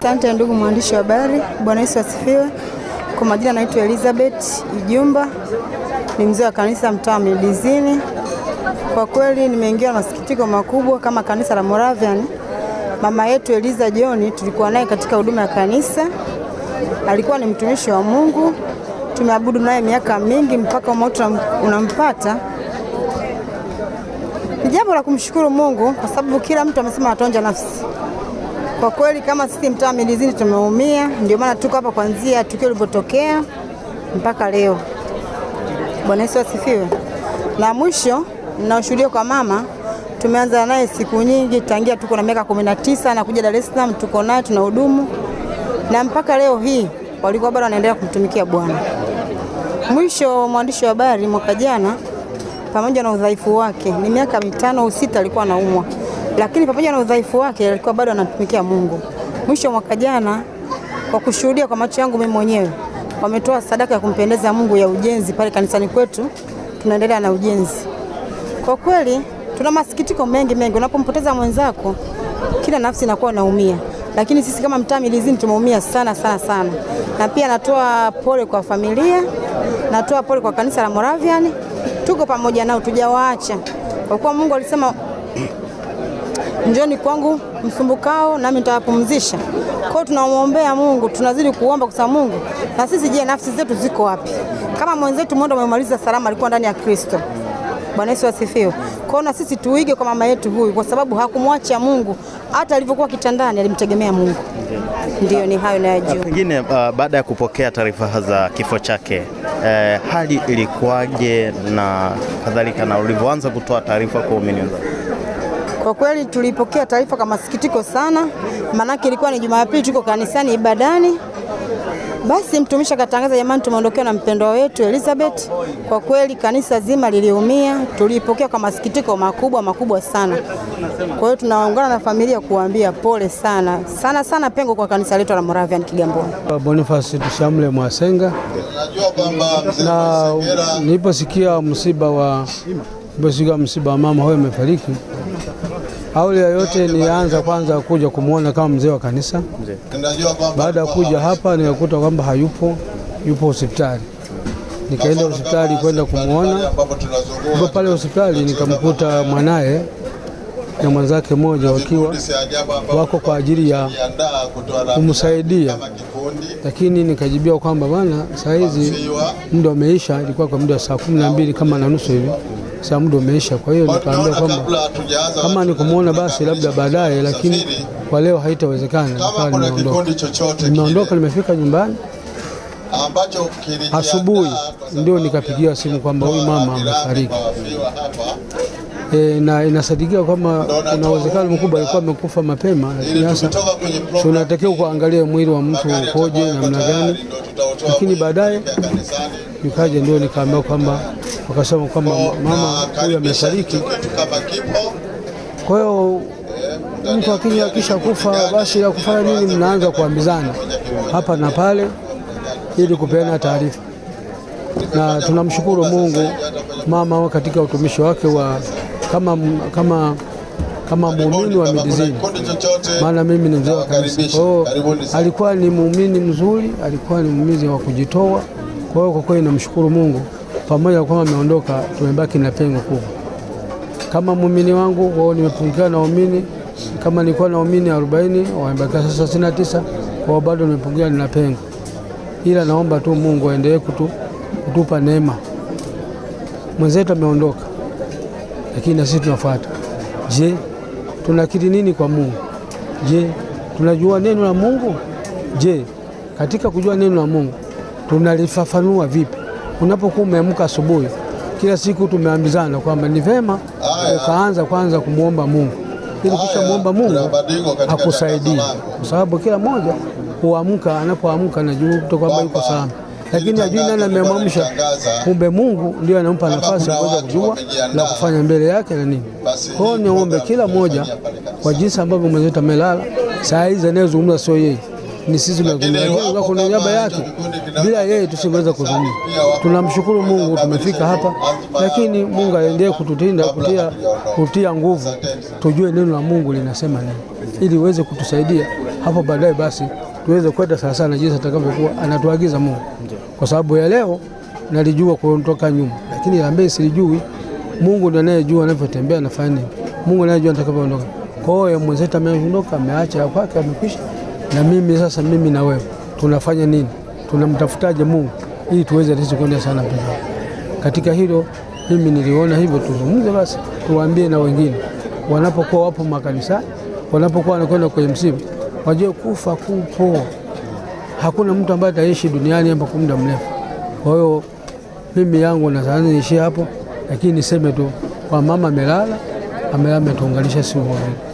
Asante ndugu mwandishi wa habari, Bwana Yesu asifiwe. Kwa majina naitwa Elizabeth Ijumba, ni mzee wa kanisa mtaa Midizini. Kwa kweli nimeingiwa na masikitiko makubwa kama kanisa la Moravian. Mama yetu Eliza John tulikuwa naye katika huduma ya kanisa, alikuwa ni mtumishi wa Mungu, tumeabudu naye miaka mingi mpaka umauti unampata. Ni jambo la kumshukuru Mungu kwa sababu kila mtu amesema atonja nafsi kwa kweli kama sisi mtaa Midizini tumeumia, ndio maana tuko hapa kuanzia tukio lilivyotokea mpaka leo. Bwana Yesu asifiwe. na mwisho ninaoshuhudia kwa mama, tumeanza naye siku nyingi, tangia tuko na miaka kumi na tisa na kuja Dar es Salaam, tuko naye tuna hudumu na mpaka leo hii walikuwa bado wanaendelea kumtumikia Bwana. Mwisho mwandishi wa habari mwaka jana, pamoja na udhaifu wake, ni miaka mitano au sita alikuwa anaumwa lakini pamoja na udhaifu wake alikuwa bado anatumikia Mungu. Mwisho mwaka jana, kwa kushuhudia kwa macho yangu mimi mwenyewe, wametoa sadaka ya kumpendeza Mungu ya ujenzi pale kanisani kwetu, tunaendelea na ujenzi. Kwa kweli tuna masikitiko mengi mengi, unapompoteza mwenzako kila nafsi inakuwa naumia, lakini sisi kama mtaa Milizini tumeumia sana sana sana, na pia natoa pole kwa familia, natoa pole kwa kanisa la Moravian, tuko pamoja nao, tujawaacha kwa kuwa Mungu alisema njoni kwangu msumbukao, nami nitawapumzisha. Kwao tunamwombea Mungu, tunazidi kuomba kwa sababu Mungu na sisi. Je, nafsi zetu ziko wapi? Kama mwenzetu mwendo amemaliza salama, alikuwa ndani ya Kristo. Bwana Yesu asifiwe. Kwao na sisi tuige kwa mama yetu huyu, kwa sababu hakumwacha Mungu hata alivyokuwa kitandani, alimtegemea Mungu. ndio ni hayo nayajua. Pengine uh, baada ya kupokea taarifa za kifo chake eh, hali ilikuwaje na kadhalika, na ulivyoanza kutoa taarifa kwa waumini wenzako? Kwa kweli tulipokea taarifa kwa masikitiko sana, maanake ilikuwa ni Jumapili, tuko kanisani ibadani. Basi mtumishi akatangaza, jamani, tumeondokewa na mpendwa wetu Elizabeth. Kwa kweli kanisa zima liliumia, tulipokea kwa masikitiko makubwa makubwa sana. Kwa hiyo tunaungana na familia kuambia pole sana sana sana, pengo kwa kanisa letu la Moravian Kigamboni. Boniface Tushamle Mwasenga, na niliposikia msiba wa msiba wa mama huyo amefariki Awali ya yote nilianza kwanza kuja kumwona kama mzee wa kanisa. Baada ya kuja hapa nikakuta kwamba hayupo, yupo hospitali. Nikaenda hospitali kwenda kumwona. Ndipo pale hospitali nikamkuta mwanaye na mwenzake mmoja wakiwa wako kwa ajili ya kumsaidia, lakini nikajibia kwamba bwana, saa hizi muda umeisha. Ilikuwa kwa muda wa saa kumi na mbili kama na nusu hivi sasa muda umeisha. Kwa hiyo nikaambia kwamba kama nikumwona basi labda baadaye, lakini kwa leo haitawezekana. Nikawa nimeondoka, nimeondoka, nimefika nyumbani asubuhi ndio nikapigia simu kwamba huyu mama amefariki e, na inasadikiwa kama kuna uwezekano mkubwa alikuwa amekufa mapema, lakini hasa tunatakiwa kuangalia mwili wa mtu ukoje namna gani. Lakini baadaye nikaja ndio nikaambia kwamba wakasema kwamba oh, mama huyu amefariki. Kwa hiyo eh, mtu akija akisha kufa basi ya kufanya nini? Mnaanza kuambizana hapa na pale ili kupeana taarifa, na tunamshukuru Mungu mama katika utumishi wake wa kama, kama, kama muumini wa midizini, maana mimi ni mzee wa kanisa. Kwa hiyo alikuwa ni muumini mzuri, alikuwa ni muumini wa kujitoa. Kwa hiyo kwa kweli namshukuru Mungu, pamoja kwamba ameondoka, tumebaki na pengo kubwa. Kama muumini wangu hiyo nimepungukiwa na waumini kama nilikuwa na waumini 40 wamebakia sasa 69, kwa bado nimepungukiwa, na pengo, ila naomba tu Mungu aendelee kutu, kutupa neema. Mwenzetu ameondoka lakini na sisi tunafuata. Je, tunakiri nini kwa Mungu? Je, tunajua neno la Mungu? Je, katika kujua neno la Mungu tunalifafanua vipi? Unapokuwa umeamka asubuhi, kila siku tumeambizana kwamba ni vema ukaanza kwanza kumwomba Mungu ili kisha muomba Mungu akusaidie, kwa sababu kila mmoja huamka, anapoamka anajua kwamba yuko salama lakini ajui nani amemwamsha. Kumbe Mungu ndio anampa nafasi ya kuweza kujua na kufanya mbele yake na nini. Kwa hiyo niombe kila mmoja kwa jinsi ambavyo mwenzetu amelala saa hizi, anayezungumza sio yeye ni sisi tunazungumza kwa niaba yake, bila yeye tusingeweza kuzungumza. Tunamshukuru Mungu tumefika hapa, lakini Mungu aendelee kututinda kutia, kutia nguvu, tujue neno la Mungu linasema nini, ili uweze kutusaidia hapo baadaye basi tuweze kwenda sawa sawa na jinsi atakavyokuwa anatuagiza Mungu, kwa sababu ya leo nalijua kutoka nyuma, lakini la mbele silijui. Mungu ndiye anayejua anavyotembea anafanya nini, Mungu anayejua atakavyoondoka. Kwa hiyo mwenzetu ameondoka, ameacha kwake, amekwisha. Na mimi sasa, mimi na wewe tunafanya nini? Tunamtafutaje Mungu ili tuweze kwenda sana pia Katika hilo mimi niliona hivyo, tuzungumze basi, tuwaambie na wengine wanapokuwa wapo makanisani, wanapokuwa wanakwenda kwenye msiba wajue kufa kupo, hakuna mtu ambaye ataishi duniani hapa kwa muda mrefu. Kwa hiyo mimi yangu nasaa niishie hapo, lakini niseme tu kwa mama amelala amelala, ametuunganisha siku moja.